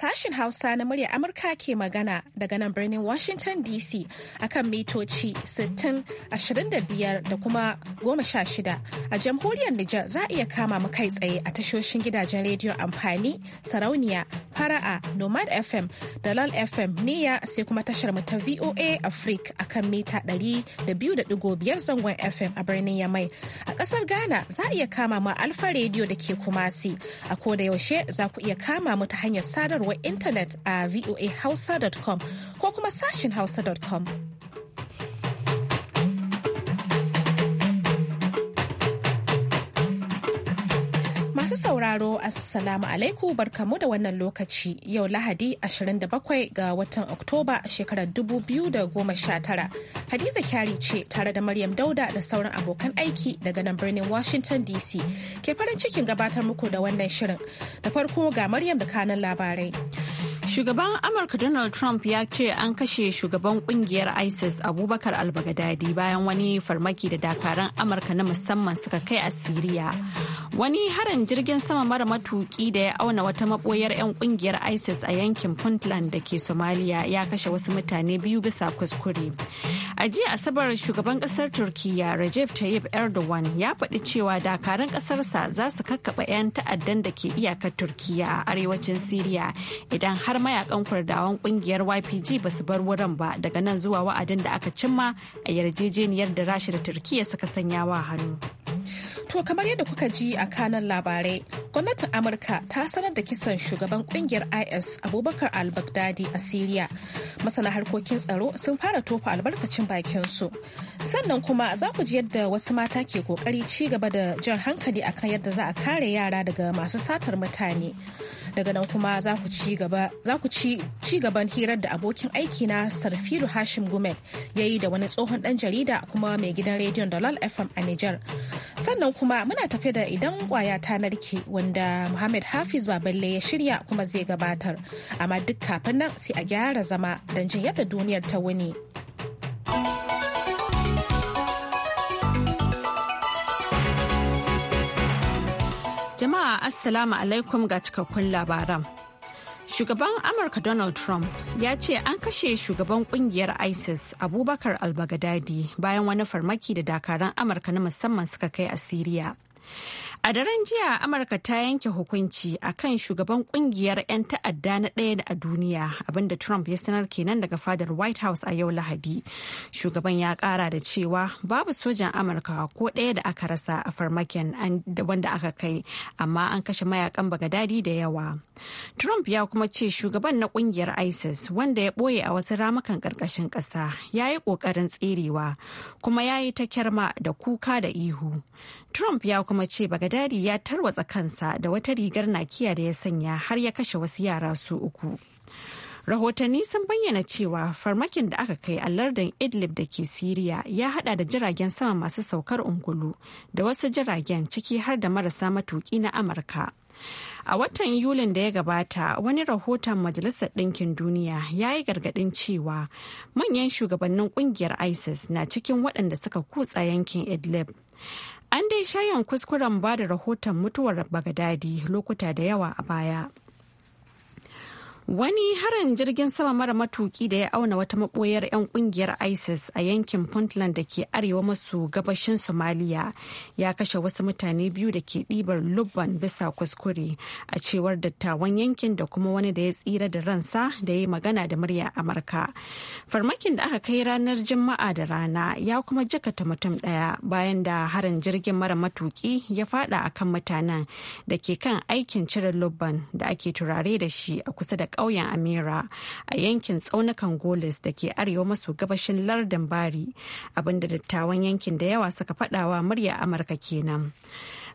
sashen Hausa na murya Amurka ke magana daga nan birnin Washington DC akan mitoci sittin ashirin da kuma 16. A jamhuriyar Nijar za a iya kama mu kai tsaye a tashoshin gidajen rediyo amfani, sarauniya, fara'a, Nomad FM, Dalal FM, Niya sai kuma tashar mu ta VOA Africa akan mita 200.5 zangon FM a birnin Yamai. A kasar Ghana za a iya kama mu Alfa rediyo da ke Kumasi. A ko yaushe za ku iya kama mu ta hanyar sadarwa sadarwar intanet a voahausa.com ko kuma sashin hausa.com. Masu sauraro Assalamu alaikum barkamu da wannan lokaci yau Lahadi 27 ga watan Oktoba shekarar 2019. Hadiza kyari ce tare da Maryam Dauda da sauran abokan aiki daga nan birnin Washington DC ke farin cikin gabatar muku da wannan shirin. Da farko ga Maryam da kanan labarai. Shugaban Amurka Donald Trump ya ce an kashe shugaban kungiyar ISIS Abubakar al-Baghdadi bayan wani farmaki da dakaran Amurka na musamman suka kai a Siriya. Wani harin jirgin sama mara matuki da ya auna wata maboyar 'yan kungiyar ISIS a yankin Puntland da ke Somalia ya kashe wasu mutane biyu bisa kuskure. A jiya Asabar shugaban kasar Turkiyya Recep Tayyip Erdogan ya faɗi cewa dakaran kasarsa za su kakkaɓa 'yan ta'addan da ke iyakar turkiya a arewacin Siriya idan har har mayakan kurdawan kungiyar YPG ba su bar wurin ba daga nan zuwa wa'adin da aka cimma a yarjejeniyar da Rasha da turkiya suka sanya wa hannu. To kamar yadda kuka ji a kanan labarai, gwamnatin Amurka ta sanar da kisan shugaban kungiyar IS Abubakar al-Baghdadi a Siriya. Masana harkokin tsaro sun fara tofa albarkacin bakin su Sannan kuma za ku ji yadda wasu mata ke kokari ci gaba da jan hankali akan yadda za a kare yara daga masu satar mutane. daga nan kuma za ku ci gaban hirar da abokin aiki na Sarfiru hashim gumel ya yi da wani tsohon dan jarida kuma mai gidan rediyon dalal fm a niger sannan kuma muna tafe da idan kwaya ta narke wanda muhammad hafiz baballe ya shirya kuma zai gabatar amma duk kafin nan sai a gyara zama don jin yadda duniyar ta wuni. thank you Jama'a Assalamu alaikum ga cikakkun labaran. Shugaban Amurka Donald Trump ya ce an kashe shugaban kungiyar ISIS Abubakar albagadadi bayan wani farmaki da dakaran Amurka na musamman suka kai a Siriya. A daren jiya Amurka ta yanke hukunci a kan shugaban kungiyar 'yan ta'adda na ɗaya a duniya abinda Trump ya sanar kenan daga fadar White House a yau Lahadi. Shugaban ya ƙara da cewa babu sojan Amurka ko ɗaya da aka rasa a farmakin wanda aka kai amma an kashe mayakan dadi da yawa. Trump ya kuma ce shugaban na kungiyar ISIS wanda ya ɓoye a wasu ramukan ƙarƙashin ƙasa ya yi ƙoƙarin tserewa kuma ya yi ta kyarma da kuka da ihu. Trump ya kuma ce bagadadi Bagdadi ya tarwatsa kansa da wata rigar nakiya da ya sanya har ya kashe wasu yara su uku. Rahotanni sun bayyana cewa farmakin da aka kai a lardin Idlib da ke Siriya ya hada da jiragen sama masu saukar ungulu da wasu jiragen ciki har da marasa matuki na Amurka. A watan Yulin da ya gabata, wani rahoton Majalisar Ɗinkin Duniya ya yi gargaɗin cewa manyan shugabannin ƙungiyar ISIS na cikin waɗanda suka kutsa yankin Idlib. An dai shayan kuskuren ba da rahoton mutuwar Bagadadi lokuta da yawa a baya. Wani harin jirgin sama mara matuki da ya auna wata maboyar 'yan kungiyar ISIS a yankin Puntland da ke arewa maso gabashin Somalia ya kashe wasu mutane biyu da ke ɗibar lubban bisa kuskure a cewar dattawan yankin da kuma wani da ya tsira da ransa da ya yi magana da murya Amurka. Farmakin da aka kai ranar Juma'a da rana ya kuma jakata mutum ɗaya bayan da harin jirgin mara matuki ya fada akan mutanen da ke kan aikin cire lubban da ake turare da shi a kusa da ƙauyen amira a yankin tsaunukan golis da ke arewa maso gabashin lardin bari abinda dattawan yankin da yawa suka faɗawa murya amurka kenan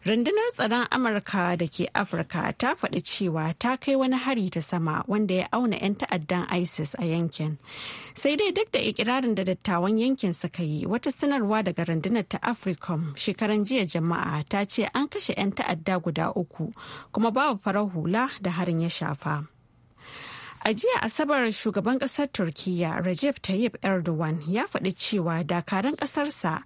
rundunar tsaron amurka da ke afirka ta faɗi cewa ta kai wani hari ta sama wanda ya auna 'yan ta'addan isis a yankin sai dai duk da ikirarin da dattawan yankin suka yi wata sanarwa daga rundunar ta africom shekaran jiya jama'a ta ce an kashe 'yan ta'adda guda uku kuma babu farar hula da harin ya shafa A jiya Asabar shugaban kasar Turkiyya Recep Tayyip Erdogan ya faɗi cewa dakaran ƙasarsa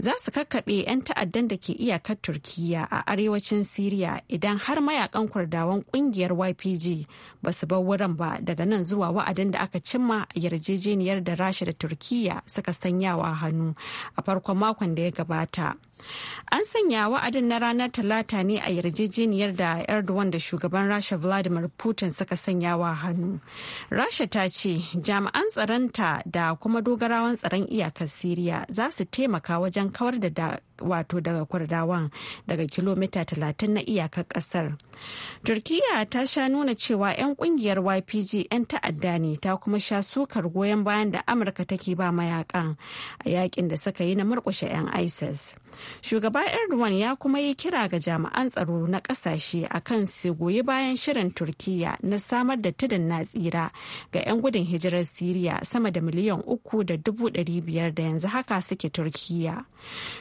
za su kakkaɓe 'yan ta'addan da ke iyakar Turkiyya a arewacin Siriya idan har mayakan kurdawan ƙungiyar YPG ba su bar wurin ba daga nan zuwa wa'adin da aka cimma a yarjejeniyar da Rasha da Turkiyya suka sanyawa hannu a farkon makon da ya gabata. An sanya wa'adin na ranar Talata ne a yarjejeniyar da Erdogan da shugaban Rasha Vladimir Putin suka sanya wa hannu. Rasha ta ce jami'an tsaronta da kuma dogarawan tsaron iyakar Siriya za su taimaka wajen kawar da wato daga kwardawan daga kilomita talatin na iyakar kasar. Turkiya ta sha nuna cewa 'yan kungiyar YPG 'yan ta'adda ne ta kuma sha sukar goyon bayan da Amurka take ba mayakan a yakin da suka yi na murkushe 'yan ISIS. Shugaba Erdogan ya kuma yi kira ga jami'an tsaro na kasashe a kan su goyi bayan shirin Turkiyya na samar da tudun na tsira ga 'yan gudun hijirar Siriya sama da miliyan uku da dubu ɗari biyar da yanzu haka suke Turkiyya.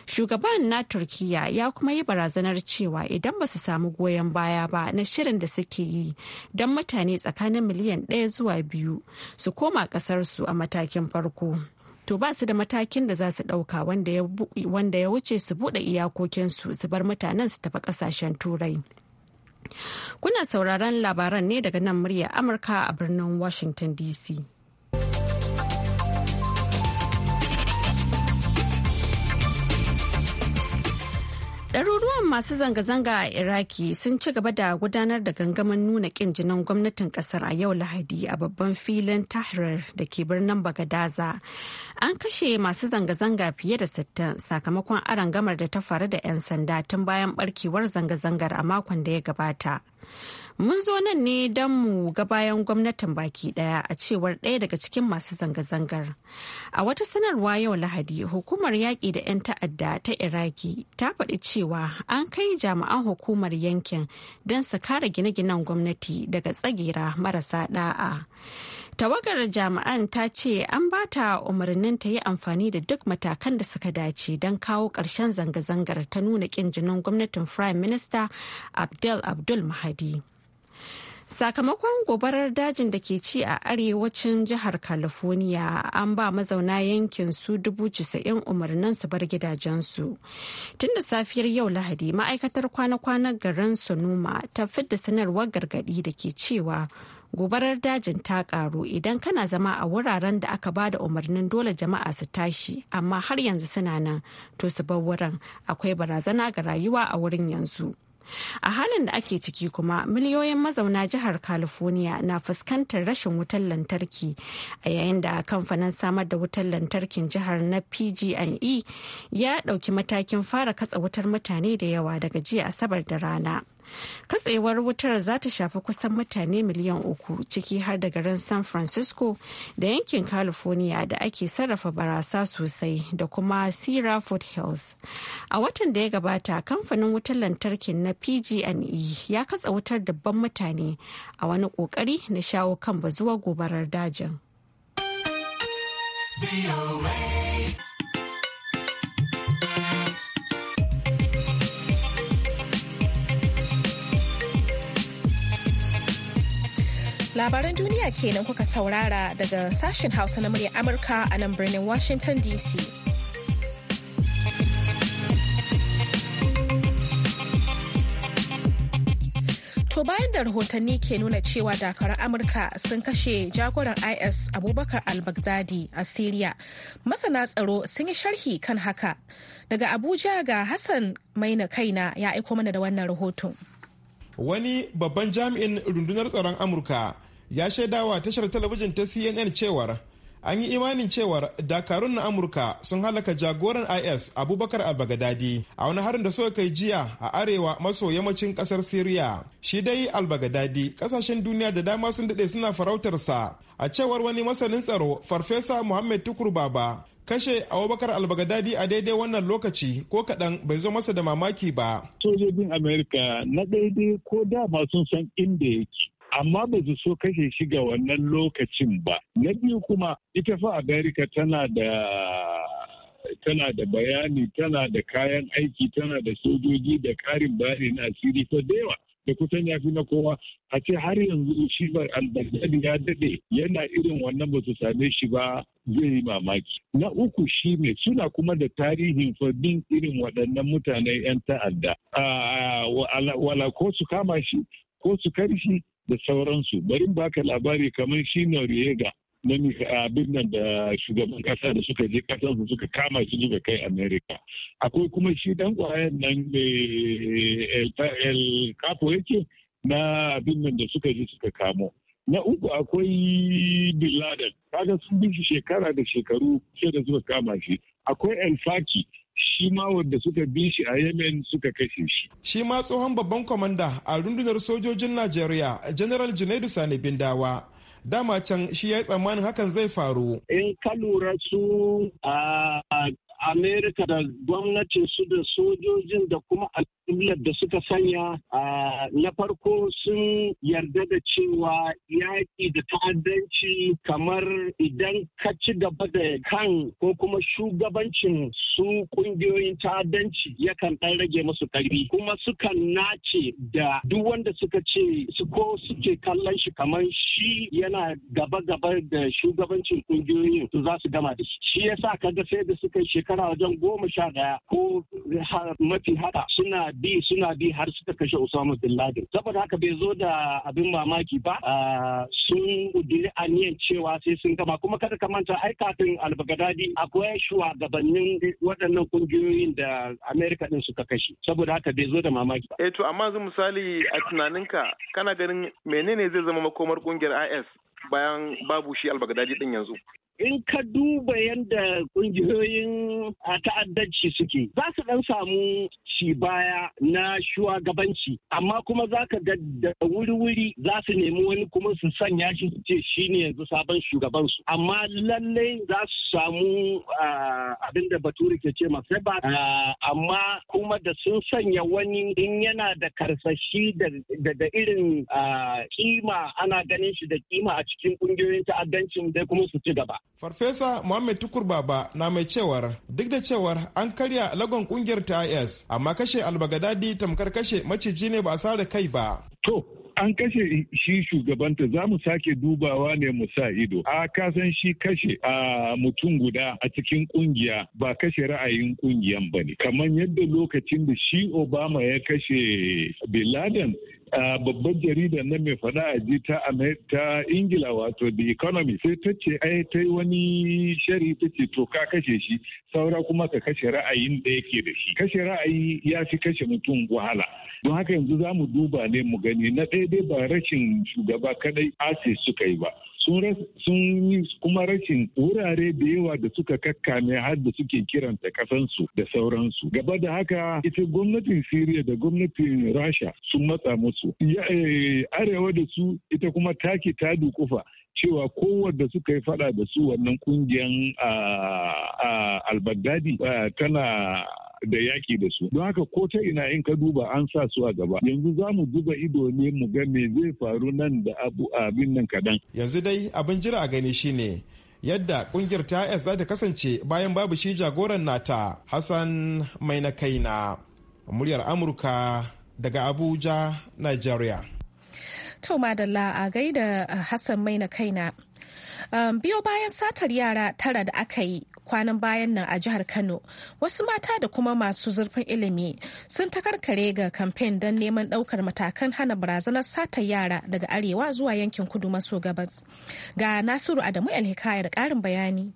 Shugaban na Turkiyya ya kuma yi barazanar cewa idan ba su samu goyon baya ba na shirin da suke yi don mutane tsakanin miliyan ɗaya zuwa biyu su koma ƙasarsu a matakin farko. to ba su da matakin da za su ɗauka wanda ya wuce su buɗe iyakokinsu su bar mutanen su tafi ƙasashen turai. Kuna sauraron labaran ne daga nan murya Amurka a birnin Washington DC. Ɗaruruwan masu zanga-zanga a Iraki sun ci gaba da gudanar da gangamin nuna ƙin jinin gwamnatin ƙasar a yau Lahadi a babban filin Tahrir da ke birnin Bagadaza. An kashe masu zanga-zanga fiye da sittin sakamakon gamar da ta faru da 'yan sanda tun bayan barkewar zanga-zangar a makon da ya gabata. Mun zo nan ne don mu ga bayan gwamnatin baki daya a cewar ɗaya daga cikin masu zanga-zangar. A wata sanarwa yau Lahadi, hukumar yaƙi da 'yan ta'adda ta Iraki ta faɗi cewa an kai jami'an hukumar yankin don su kare gine-ginen gwamnati daga tsagera marasa ɗa'a. Tawagar jami'an ta ce an ba ta umarnin ta yi amfani da duk matakan da suka dace don kawo ƙarshen zanga-zangar ta nuna ƙin jinin gwamnatin Prime Minister Abdel Abdul Mahadi. sakamakon gobarar dajin da ke ci a arewacin jihar california an ba mazauna yankin su dubu casa'in umarnin su bar gidajensu tun da safiyar yau lahadi ma'aikatar kwana kwana garin sonoma ta fidda sanarwar gargadi da ke cewa gobarar dajin ta karu idan kana zama a wuraren da aka bada umarnin dole jama'a su tashi amma har yanzu suna nan to su bar wurin akwai barazana ga rayuwa a wurin yanzu A halin da ake ciki kuma miliyoyin mazauna jihar California na fuskantar rashin wutar lantarki a yayin da kamfanin samar da wutar lantarkin jihar na PG&E ya ɗauki matakin fara katsa wutar mutane da yawa daga jiya Asabar da rana. katsewar wutar za ta shafi kusan mutane miliyan uku ciki har da garin san francisco da yankin california da ake sarrafa barasa sosai da kuma sierra foothills a watan da ya gabata kamfanin wutar lantarkin na pg&e ya katsa wutar dabban mutane a wani kokari na shawo kan bazuwar gobarar dajin Labaran duniya kenan kuka saurara daga sashen Hausa na muryar Amurka a nan birnin Washington DC. To bayan da rahotanni ke nuna cewa dakarun Amurka sun kashe jagoran IS Abubakar al-Baghdadi a Siriya, masana tsaro sun yi sharhi kan haka. Daga Abuja ga Hassan Maina Kaina ya aiko mana da wannan rahoton. Wani babban jami'in rundunar tsaron Amurka ya shaidawa tashar talabijin ta cnn cewar an yi imanin cewar dakarun na amurka sun halaka jagoran is abubakar albagadadi a wani harin da suka kai jiya a arewa maso yammacin kasar syria shi dai albagadadi kasashen duniya da dama sun dade suna farautarsa a cewar wani masanin tsaro farfesa muhammad tukur baba kashe abubakar albagadadi a daidai wannan lokaci ko kaɗan bai zo masa da mamaki ba sojojin amerika na daidai ko dama sun san inda yake amma ba su so kashe shi ga wannan lokacin ba na biyu kuma ita fa Amerika tana da tana da bayani tana da kayan aiki tana da sojoji da karin na asiri ta da yawa da kusan ya fi na kowa a ce har yanzu shi bar albagdadi ya dade yana irin wannan ba su same shi ba zai yi mamaki na uku shi ne suna kuma da tarihin fadin irin waɗannan mutanen 'yan ta'adda ah, wala ko su kama shi ko su karshi da sauransu bari baka labari kamar shi noriega na abin nan da shugaban kasa da suka je kasansu suka kama shi suka kai america akwai kuma shi dan kwayan nan el capo yake na abin nan da suka je suka kamo na uku akwai bin laden kaga sun bi shi shekara da shekaru sai da suka kama shi akwai el faki shi ma wanda suka bi shi a yemen suka kashe shi shi ma tsohon babban kwamanda a rundunar sojojin najeriya general junaidu sani bindawa dama can shi ya yi tsammanin hakan zai faru in ka lura su a amerika da gwamnatin su da sojojin da kuma jumlar da suka sanya na farko sun yarda da cewa yaƙi da ta'addanci kamar idan ka ci gaba da kan ko kuma shugabancin su ƙungiyoyin ta'addanci yakan ɗan rage musu ƙarfi kuma sukan nace da duk wanda suka ce su ko suke kallon shi kamar shi yana gaba-gaba da shugabancin ƙungiyoyin su za su gama da shi shi yasa kaga sai da suka shekara wajen goma sha ɗaya ko mafi haka suna bi suna bi har suka kashe Usama bin Laden. Saboda haka bai zo da abin mamaki ba sun a aniyan cewa sai sun gama kuma kada ka manta ai kafin albagadadi akwai shugabannin waɗannan kungiyoyin da Amerika din suka kashe. Saboda haka bai zo da mamaki ba. Eh to amma zan misali a tunaninka kana ganin menene zai zama makomar kungiyar IS bayan babu shi albagdadi din yanzu in ka duba yadda kungiyoyin ta'addanci suke za su dan samu ci baya na shugabanci amma kuma za ka ga da wuri-wuri za su nemi wani kuma su sanya shi su ce shi ne yanzu sabon shugaban su amma lallai za su samu abin da bature ke ce masu ba amma kuma da sun sanya wani in yana da karsashi da irin kima ana ganin shi da kima a cikin kungiyoyin ta'addancin dai kuma su ci gaba Farfesa Muhammad Tukur Baba na mai cewar duk da cewar an karya lagon kungiyar ta IS amma kashe albagadadi tamkar kashe maciji ne ba a da kai ba. To, an kashe shi shugabanta za mu sake dubawa ne mu sa ido a kasan shi kashe a mutum guda a cikin kungiya ba kashe ra'ayin kungiyan ba ne kamar yadda lokacin da shi obama ya kashe bin laden A babbar jarida na mai faɗa a ji ta ta ingila wato the economy sai ta ce ai ta yi wani shari ta ce to ka kashe shi saura kuma ka kashe ra'ayin da yake da shi kashe ra'ayi ya fi kashe mutum wahala don haka yanzu za mu duba ne mu gani na ɗaya dai ba rashin shugaba kadai asis suka yi ba sun yi kuma rashin wurare da yawa da suka kakkame har da suke kiranta kasansu da sauransu gaba da haka ita gwamnatin siriya da gwamnatin rasha sun matsa musu eh, arewa da su ita kuma taki ta dukufa cewa kowadda suka yi fada da su wannan kungiyan ah, ah, al ah, tana da yaki da su. Don haka ko ta ina in ka duba an sa su a gaba. Yanzu za mu zuba ido ne mu ga me zai faru nan da abu abin nan kadan. Yanzu dai abin jira a gani shine yadda kungiyar ta as za ta kasance bayan babu shi jagoran nata Hassan mai na kaina. Muryar Amurka daga Abuja, Nigeria. To madalla a gaida Hassan mai na kaina. Um, biyo bayan satar yara tara da aka yi kwanan bayan nan a jihar Kano, wasu mata da kuma masu zurfin ilimi sun takarkare ga kamfen don neman ɗaukar matakan hana barazanar satar yara daga arewa zuwa yankin kudu maso gabas. Ga Nasiru Adamu Alhikayar ƙarin bayani.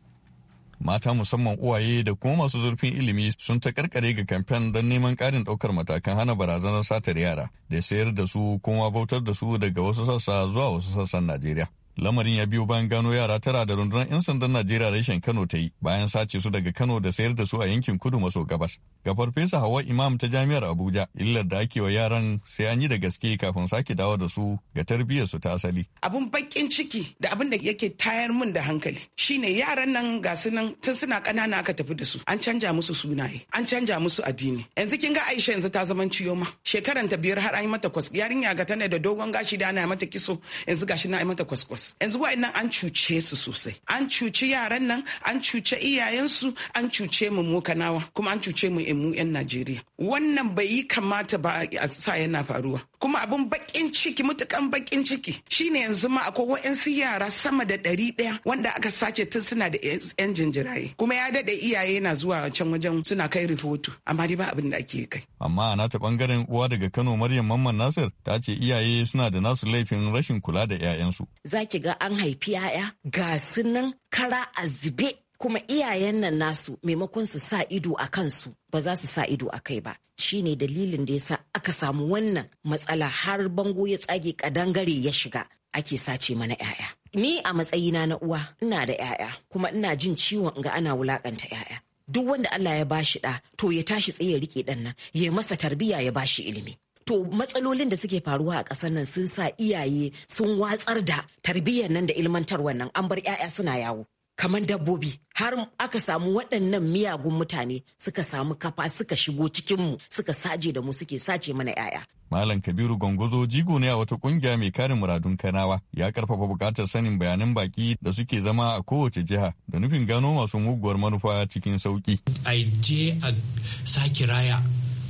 mata musamman uwaye da kuma masu zurfin ilimi sun ta karkare ga kamfen don neman ƙarin ɗaukar matakan hana barazanar satar yara da sayar da su kuma bautar da su daga wasu sassa zuwa wasu sassan najeriya Lamarin ya biyo bayan gano yara tara da rundunar 'yan sandan Najeriya reshen Kano ta yi bayan sace su daga Kano da sayar da su a yankin kudu maso gabas. Ga farfesa Hawa Imam ta Jami'ar Abuja, illar da ake wa yaran sai an yi da gaske kafin sake dawo da su ga tarbiyyar su ta asali. Abun bakin ciki da abin da yake tayar min da hankali shine yaran nan ga su nan tun suna kanana aka tafi da su. An canja musu sunaye, an canja musu addini. Yanzu kin ga Aisha yanzu ta zaman ciyo ma. Shekaran ta biyar har an yi mata kwas. Yarinya ga tana da dogon gashi da ana mata kiso yanzu gashi na yi mata kwas. Yanzu yanzu nan an cuce su sosai an cuci yaran nan an cuce iyayensu an cuce mu mu kanawa kuma an cuce mu mu yan najeriya wannan bai yi kamata ba a sa yana faruwa kuma abin bakin ciki mutukan bakin ciki shine yanzu ma akwai wa'yansu yara sama da ɗari ɗaya wanda aka sace tun suna da yan jinjiraye kuma ya daɗe iyaye na zuwa can wajen suna kai rahoto amma dai ba abin da ake kai. amma a nata ɓangaren uwa daga kano maryam mamman nasir ta ce iyaye suna da nasu laifin rashin kula da 'ya'yansu. za ki ga an haifi 'ya'ya ga su kara a zube kuma iyayen nan nasu maimakon su sa ido a kansu ba za su sa ido a kai ba shine dalilin da ya sa aka samu wannan matsala har bango ya tsage kadangare ya shiga ake sace mana 'ya'ya ni a matsayina na uwa ina da 'ya'ya kuma ina jin ciwon ga ana wulakanta 'ya'ya duk wanda Allah ya bashi ɗa to ya tashi tsaye ya rike ɗan nan ya masa tarbiya ya bashi ilimi to matsalolin da suke faruwa a ƙasar nan sun sa iyaye sun watsar da tarbiyyar nan da ilmantar nan an bar 'ya'ya suna yawo kamar dabbobi har aka samu waɗannan miyagun mutane suka samu kafa suka shigo cikinmu suka saje da mu suke sace mana 'ya'ya. Malam Kabiru Gongozo jigo ne a wata kungiya mai karin muradun kanawa ya karfafa bukatar sanin bayanan baki da suke zama a kowace jiha da nufin gano masu muguwar manufa cikin sauki. A je a sake raya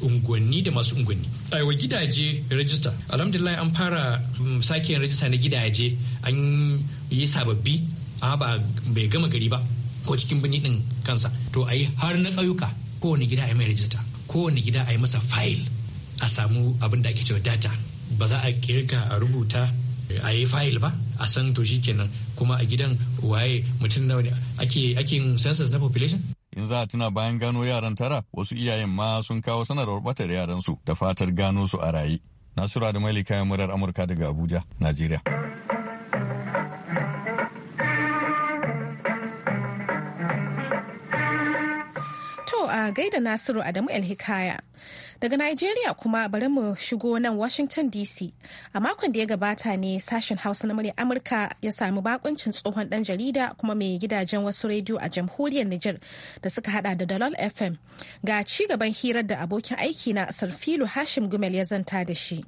unguwanni da masu unguwanni. Aiwa gidaje rajista. Alhamdulillah an fara mm, sake yin rajista na gidaje an yi sababbi a ba bai gama gari ba ko cikin birni din kansa to a yi har na ƙauyuka kowane gida a yi mai rajista kowane gida a yi masa fayil a samu abin da ake cewa data ba za a kirka a rubuta a yi fayil ba a san to shi kenan kuma a gidan waye mutum nawa ne ake ake census na population in za a tuna bayan gano yaran tara wasu iyayen ma sun kawo sanarwar batar yaran su da fatar gano su a raye nasura da kayan murar amurka daga abuja najeriya a gaida Nasiru Adamu El Hikaya. Daga Najeriya kuma bari mu shigo nan Washington DC. A makon da ya gabata ne sashen Hausa na murya Amurka ya sami bakuncin tsohon dan jarida kuma mai gidajen wasu rediyo a jamhuriyar Nijar da suka hada da Dalol FM. Ga ci gaban hirar da abokin aiki na Sarfilu Hashim Gumel ya zanta da shi.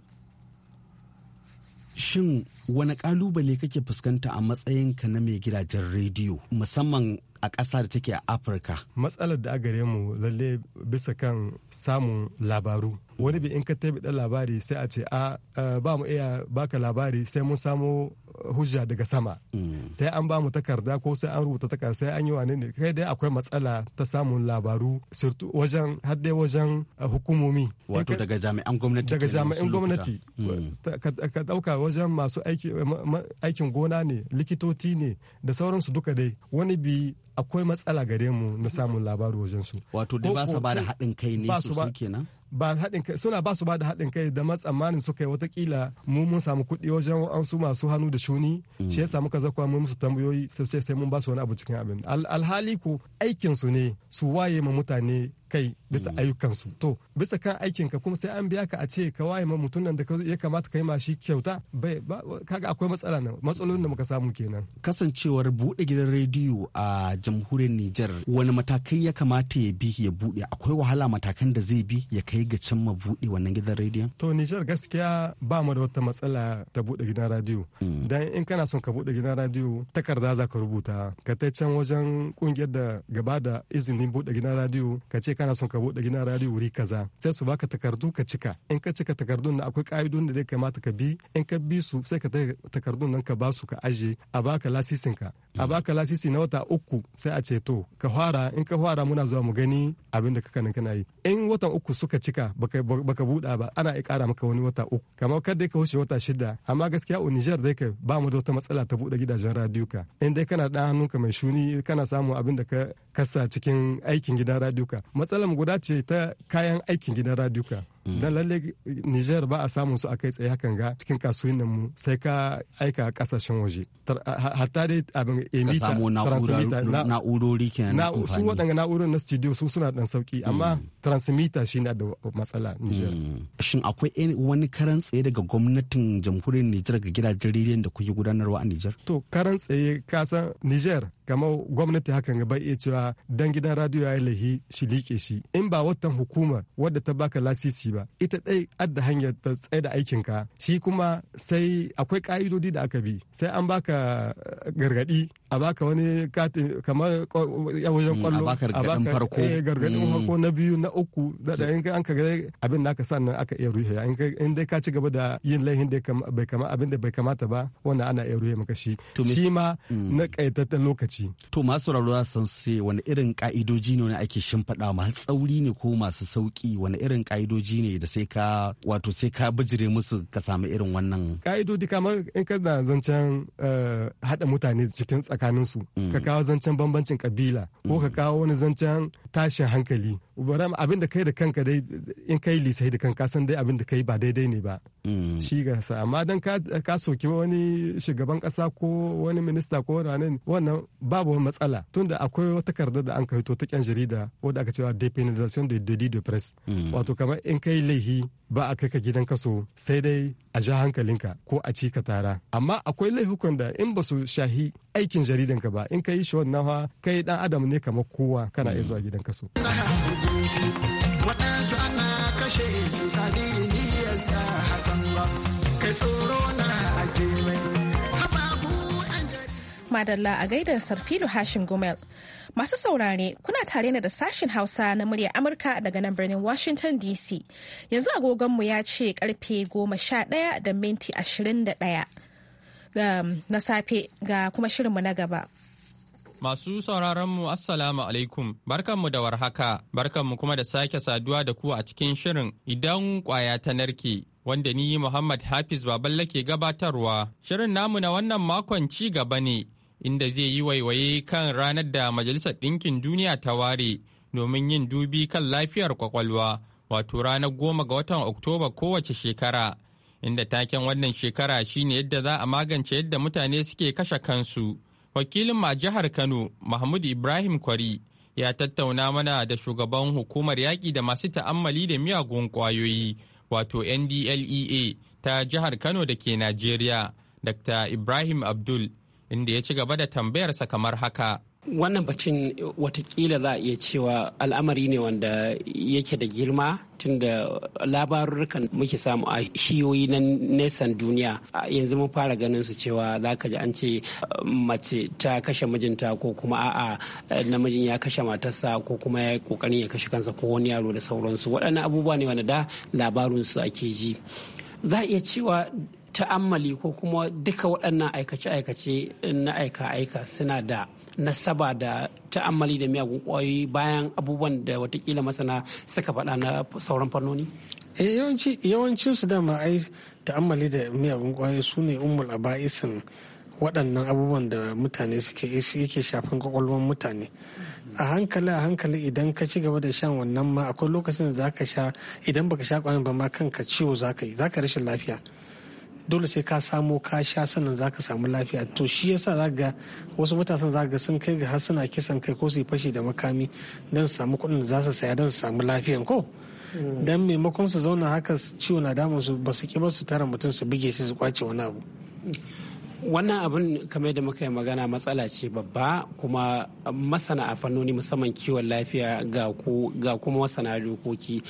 shin wani kalubale kake fuskanta a matsayin ka na mai gidajen rediyo musamman a ƙasa da take a afirka matsalar da a gare mu lalle bisa kan samun labaru wani bi in ka tabi labari sai a ce a ah, eh, ba mu iya baka labari sai mun samo hujja daga sama mm. sai an ba mu takarda ko sai an rubuta takarda sai an yi wa ne kai dai akwai matsala ta samun labaru surtu wajen haddai wajen uh, hukumomi wato daga jami'an gwamnati daga jami'an gwamnati mm. ka dauka wajen masu eh, aikin gona ne likitoci ne da sauransu duka dai wani bi akwai matsala gare mu na samun labaru wajen su wato dai ba su ba da haɗin kai ne sosai kenan ba haɗin kai suna ba su ba da haɗin kai da matsammanin suka yi watakila mu mun samu kuɗi wajen an su masu hannu da shuni shi ya samu kaza kuma mu musu tambayoyi sai sai mun ba su wani abu cikin abin alhali ko aikin su ne su waye ma mutane kai bisa mm. ayyukansu to bisa kan aikinka kuma sai an biya ka a ce ka waye ma mutum nan da ya kamata yi ma shi kyauta bai kaga akwai matsala nan matsalolin da muka samu kenan kasancewar bude gidan rediyo a jamhuriyar Nijar wani matakai ya kamata ya bi ya bude akwai wahala matakan da zai bi ya kai ga can ma bude wannan gidan rediyo to Nijar gaskiya ba mu da wata matsala ta bude gidan radiyo mm. dan in kana son ka bude gidan radiyo takarda za ka rubuta ka ta can wajen kungiyar da gaba da izinin bude gidan radiyo ka ce kana son ka buɗe gidan radio wuri kaza sai su baka takardu ka cika in ka cika takardun nan akwai ka'idun da zai kamata ka bi in ka bi su sai ka takardun nan ka ba su ka aje a baka lasisin ka a baka lasisi na wata uku sai a ce to ka fara in ka fara muna zuwa mu gani abin da kakanin kana yi in watan uku suka cika baka buɗa ba ana iya ƙara maka wani wata uku kamar kada ka wuce wata shida amma gaskiya a Niger dai ka ba mu da wata matsala ta buɗe gidajen radio ka in dai kana da hannunka mai shuni kana samun abin da ka kasa cikin aikin gidan radio ka matsalar guda ce ta kayan aikin gidan radio dan lalle Niger ba a samun su a kai tsaye hakan ga cikin kasuwannin mu sai ka aika kasashen waje hatta dai abin emita transmitter na'urori kenan su waɗanda na'urorin na studio su suna dan sauki amma mm. transmitter shi da matsala Niger mm. shin akwai wani karan tsaye daga gwamnatin jamhuriyar Niger ga gidajen rediyon da kuke gudanarwa a Niger to karan tsaye ka san Niger kamar gwamnati hakan ba iya cewa dan gidan radio ya lahi shi like shi in ba watan hukuma wadda ta baka lasisi ba ita dai adda hanyar ta tsaye da aikinka shi kuma sai akwai ka'idodi da aka bi sai an baka eh, gargadi. a baka wani katin kamar wajen mm, kwallo a baka farko eh, gargadin mm. farko na biyu na uku da da in an ka ga abin naka nan aka iya ruhe in dai ka ci gaba da yin laihin da bai kama abin da bai kamata ba wannan ana iya ruhe maka shi shi ma mm. na kaitaccen lokaci to masu rarruwa san sai wani irin ka'idoji ne ake shimfiɗa ma tsauri ne ko masu sauki wani irin ka'idoji ne da sai ka wato sai ka bijire musu ka samu irin wannan ka'idodi kamar in ka zancen eh, haɗa mutane cikin tsaka su mm. ka kawo zancen bambancin kabila ko ka mm. kawo wani zancen tashin hankali ubaram abin da kai da kanka dai in kai lisai da kanka san dai abin da kai ba daidai ne ba mm. shi ga sa amma dan ka soki wani shugaban kasa ko wani minista ko wani wannan babu matsala tunda akwai wata karda da an kai to ta kyan jarida wanda aka cewa depenalization de dedi de press wato kamar in kai laihi ba a kai ka gidan kaso sai dai a ja hankalinka ko a ci ka tara amma akwai laifukan da in ba su shahi aikin jaridanka ba in ka yi shi wannan fa kai dan adam ne kamar kowa kana iya zuwa gidan kaso ana kashe su ba Madalla a gaidar Sarfilu Hashim Gumel. Masu saurare kuna tare na da sashen Hausa na muryar Amurka daga nan birnin Washington DC. Yanzu agogonmu ya ce karfe goma sha ɗaya da minti ashirin da ɗaya na safe ga kuma shirinmu na gaba. Masu sauraronmu Assalamu alaikum, barkanmu da warhaka, barkanmu kuma da sake saduwa da ku a cikin shirin idan kwaya ta narke. Wanda ni Muhammad Hafiz Baballe ke gabatarwa, shirin namu na wannan makon ci gaba ne inda zai yi waiwaye kan ranar da Majalisar Ɗinkin Duniya ta ware domin yin dubi kan lafiyar kwakwalwa, wato ranar goma ga watan Oktoba kowace shekara, inda taken wannan shekara shine yadda za a magance yadda mutane suke kashe kansu. Wakilin ma jihar Kano, Mahmud Ibrahim Kwari, ya tattauna mana da shugaban hukumar yaƙi da masu ta'ammali da miyagun ƙwayoyi, wato NDLEA ta jihar Kano da ke Najeriya, Dr. Ibrahim Abdul. inda ya ci gaba da tambayarsa kamar haka. Wannan batun watakila za a iya cewa al'amari ne wanda yake da girma tunda labarurrukan muke samu a hiyoyi na nesan duniya yanzu mun fara ganin su cewa za ka ji an ce uh, mace ta kashe mijinta ko kuma a'a uh, namijin ya kashe matarsa ko kuma ya kokarin ya kashe kansa ko wani yaro da sauransu waɗannan abubuwa ne wanda da labarunsu ake ji za a iya cewa ta'ammali ko kuma duka waɗannan aikace-aikace na aika-aika suna da nasaba da ta'ammali da miyagun ƙwayoyi bayan abubuwan da watakila masana suka faɗa na sauran fannoni? Eh, yawancin su dama ai ta'ammali da miyagun ƙwayoyi su ne umul aba'isin waɗannan abubuwan da mutane suke yake shafin kwakwalwar mutane a hankali a hankali idan ka ci gaba da shan wannan ma akwai lokacin da zaka sha idan baka sha kwayoyin ba ma kanka ciwo za ka yi za ka rashin lafiya dole sai ka samo ka sha sannan zaka samu lafiya to shi yasa za ga wasu matasan za ga sun kai ga har suna kisan kai ko su yi fashi da makami don su samu kuɗin da za su saya don su samu lafiyan ko mm. dan maimakon su zauna haka ciwo na damun su ba su ki ba su tara mutum su bige su su kwace wani abu wannan abin kamar da muka yi magana matsala ce babba kuma masana a fannoni musamman kiwon lafiya ga kuma masana dokoki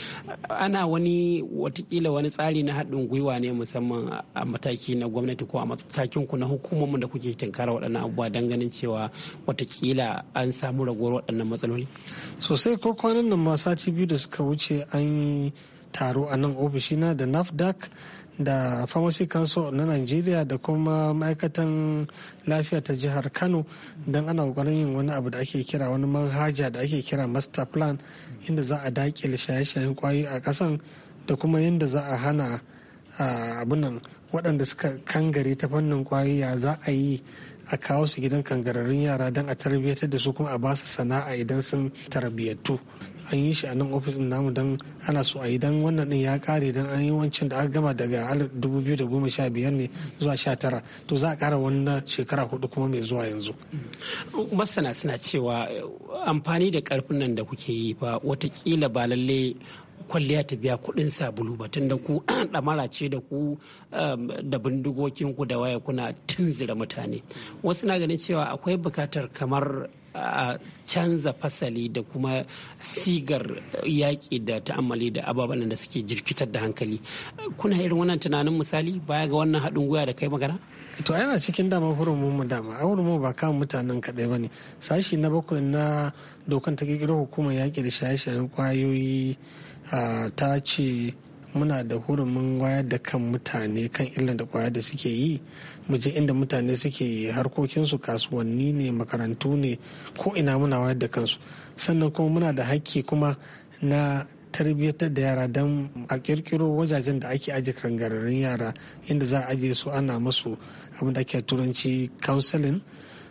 ana wani watakila wani tsari na haɗin gwiwa ne musamman a mataki na gwamnati ko a matakin ku na hukumomin da kuke tinkara waɗannan abubuwa don ganin cewa watakila an samu raguwar waɗannan matsaloli sosai ko kwanan nan ma sati biyu da suka wuce an yi taro a nan ofishina da nafdac da pharmacy council na nigeria da kuma ma'aikatan lafiya ta jihar kano don ana kokarin yin wani abu da ake kira wani manhaja da ake kira master plan inda za a dakile shaye-shayen kwayoyi a kasan da kuma yadda za a hana abunan waɗanda suka kangare ta fannin kwayoyi za a yi a kawo su gidan kangararrun yara don a tarbiyyatar da su kuma a basu sana'a idan sun tarbiyyatu an yi shi a nan ofisin namu don ana so a yi don wannan din ya kare don an yi wancan da aka gama daga biyar ne zuwa tara to za a kara wannan shekara hudu kuma mai zuwa yanzu masana suna cewa amfani da karfin nan da kuke yi ba watakila ba lalle kwalliya ta biya kuɗin sabulu ba tun da ku ɗamara ce da ku um, da bindigokin ku da waya kuna tunzira mutane wasu na ganin cewa akwai bukatar kamar a canza fasali da kuma sigar yaƙi da ta'ammali da ababen da suke jirkitar da hankali kuna irin wannan tunanin misali baya ga wannan haɗin gwiwa da kai magana to yana cikin dama hurumin mu dama a hurumin ba kan mutanen kaɗai ba ne sashi na bakwai na dokan ta hukumar yaƙi da shaye-shayen kwayoyi ta ce muna da hurumin wayar da kan mutane kan illar da kwaya da suke yi muje inda mutane suke harkokinsu kasuwanni ne makarantu ne ko ina muna wayar da kansu sannan kuma muna da hakki kuma na tarbiyyatar da yara don a kirkiro wajajen da ake ajiye rangararren yara inda za a ajiye su ana masu abin da ake turanci counseling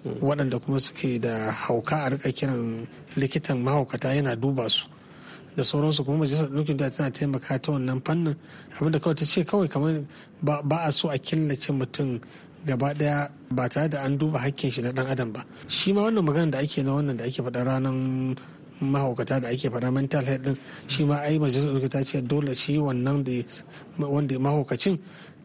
mm. waɗanda kuma suke da hauka a rika kiran likitan mahaukata yana duba su da sauransu kuma majalisar ɗaukin da tana taimaka ta wannan fannin abinda kawai ta ce kawai kamar ba a so a killace mutum gaba daya ba tare da an duba hakkin shi na dan adam ba shi ma wannan magana da ake na wannan da ake faɗa ranar mahaukata da ake faɗa mental health din shi ma ai majalisar ɗaukin ta ce dole shi wannan da wanda mahaukacin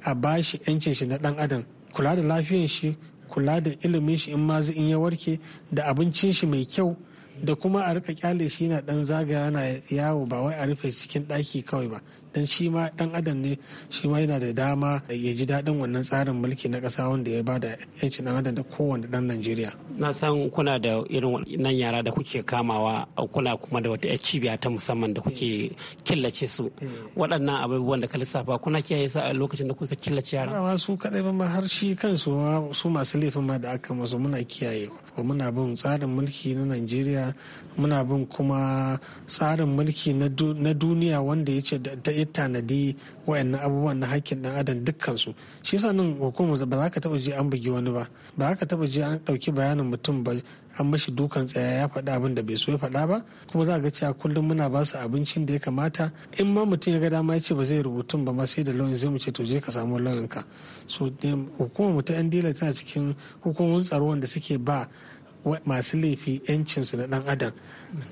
a bashi yancin shi na dan adam kula da lafiyan shi kula da ilimin shi in ma in ya warke da abincin shi mai kyau da kuma a rika kyale shi na dan zagaya na yawo ba wai a rufe cikin daki kawai ba dan shi ma dan adam ne shi ma yana da dama ya ji daɗin wannan tsarin mulki na ƙasa wanda ya bada yancin dan adam da kowane dan Najeriya na san kuna da irin nan yara da kuke kamawa kuna kuma da wata cibiya ta musamman da kuke killace su eh. waɗannan abubuwan da ka lissafa kuna kiyaye su a lokacin da kuka killace yara su kadai ba har shi kansu su masu laifin ma da aka masu muna kiyayewa muna bin tsarin mulki na najeriya muna bin kuma tsarin mulki na duniya wanda ya ce da ya tanadi na abubuwan na hakkin ɗan adam dukkansu su shi yasa nan hukumar ba za ka taba ji an bugi wani ba ba za ka taba ji an ɗauki bayanin mutum ba an mashi dukan tsaya ya faɗa abin da bai so ya faɗa ba kuma za ga cewa kullum muna ba su abincin da ya kamata in ma mutum ya ga dama ya ce ba zai rubutun ba ma sai da lawyer zai mu ce to je ka samu lauyan ka so hukumar mu ta yan dila tana cikin hukumar tsaro wanda suke ba masu laifi yancinsu na dan adam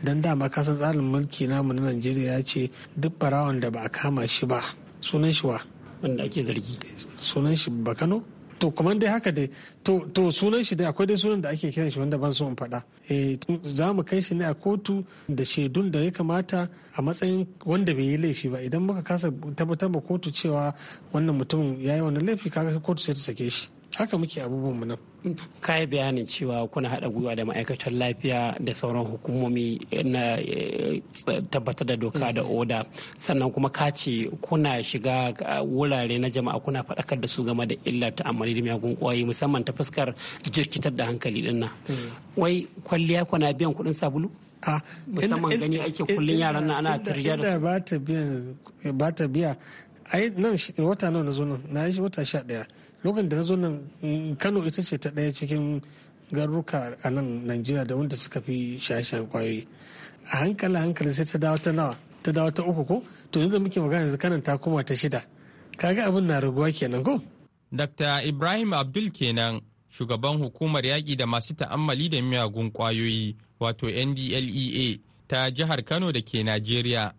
don dama kasan tsarin mulki namu na najeriya ya ce duk barawan da ba a kama shi ba sunan shi wa wanda ake zargi sunan shi bakano to kamar dai haka dai to sunan shi dai akwai dai sunan da ake kiran shi wanda ban so in faɗa eh za mu kai shi ne a kotu da shaidun da ya kamata a matsayin wanda bai yi laifi ba idan muka kasa tabbatar ma kotu cewa wannan mutumin ya yi wannan laifi kaga kotu sai ta sake shi haka muke abubuwan mu nan kai bayanin cewa kuna haɗa gwiwa da ma'aikatar lafiya da sauran hukumomi na eh, tabbatar da doka da oda sannan kuma ka ce kuna shiga ah, wurare na jama'a kuna faɗakar da su game da illar amfani da miyagun ƙwayoyi musamman ta fuskar jirkitar da hankali din nan hmm. wai kwalliya kuna biyan kuɗin sabulu ah, musamman gani ake kullun yaran nan ana tarjiya da ba ta biya ai nan wata nawa na zo nan na yi wata sha ɗaya lokacin da na zo nan mm, kano ita ce ta ɗaya cikin garuruka a nan najeriya da wanda suka fi shaye-shayen kwayoyi a hankali hankali sai ta dawo ta nawa ta dawo ta uku ko to yanzu muke magana yanzu kanan ta koma ta shida kaga abin na raguwa kenan ko dr ibrahim abdul kenan shugaban hukumar yaƙi da masu ta'ammali da miyagun kwayoyi wato ndlea ta jihar kano da ke najeriya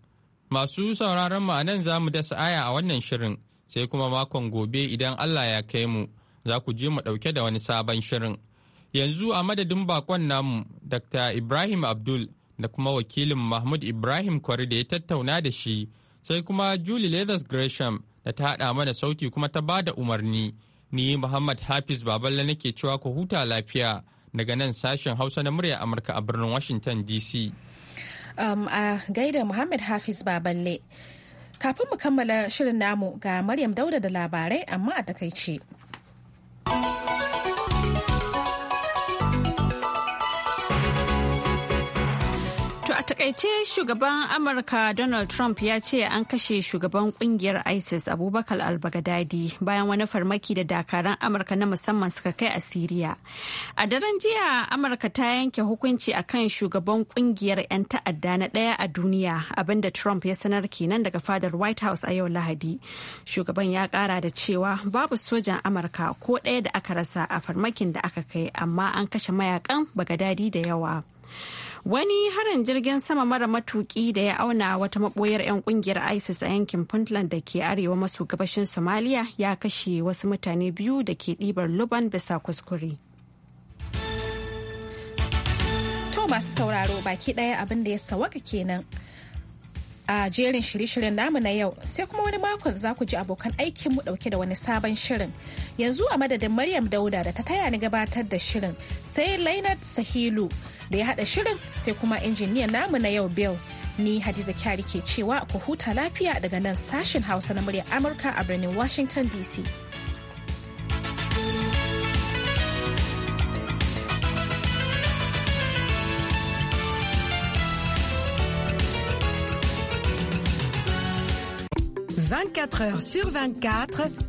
masu sauraron mu a nan za mu dasa aya a wannan shirin sai kuma makon gobe idan Allah ya kai mu za ku je mu ɗauke da wani sabon shirin. Yanzu a madadin bakon namu Dr. Ibrahim Abdul da kuma wakilin Mahmud Ibrahim Kwari da ya tattauna da shi sai kuma Julie Leathers Gresham da ta haɗa mana sauti kuma ta ba da umarni. Ni Muhammad Hafiz Baballe nake cewa ku huta lafiya daga nan sashen Hausa na murya Amurka a birnin Washington DC. Um, uh, gaida Muhammad Hafiz Baballe. Kafin mu kammala shirin namu ga Maryam Dauda da labarai amma a takaice. takaice shugaban Amurka Donald Trump ya ce an kashe shugaban kungiyar ISIS Abubakar al-Baghdadi bayan wani farmaki da dakaran Amurka na musamman suka kai a Siriya. A daren jiya Amurka ta yanke hukunci akan shugaban kungiyar 'yan ta'adda na daya a duniya abinda Trump ya sanar kenan daga fadar White House a yau Lahadi. Shugaban ya kara da cewa babu sojan Amurka ko daya da aka rasa a farmakin da aka kai amma an kashe mayakan bagadadi da yawa. Wani harin jirgin sama mara matuki da ya auna wata maboyar 'yan kungiyar ISIS a yankin Puntland da ke arewa maso gabashin Somalia ya kashe wasu mutane biyu da ke ɗibar luban bisa kuskure. To masu sauraro baki ɗaya abin da ya sawaka kenan. a jerin shirye-shiryen namu na yau sai kuma wani makon za ku ji abokan aikin mu dauke da wani sabon shirin yanzu a madadin maryam dauda da ta taya ni gabatar da shirin sai lainat sahilu da ya haɗa shirin sai kuma injiniyan namu na yau bill ni hadiza kyari ke cewa ku huta lafiya daga nan sashen hausa na muryar amurka a birnin washington dc heures sur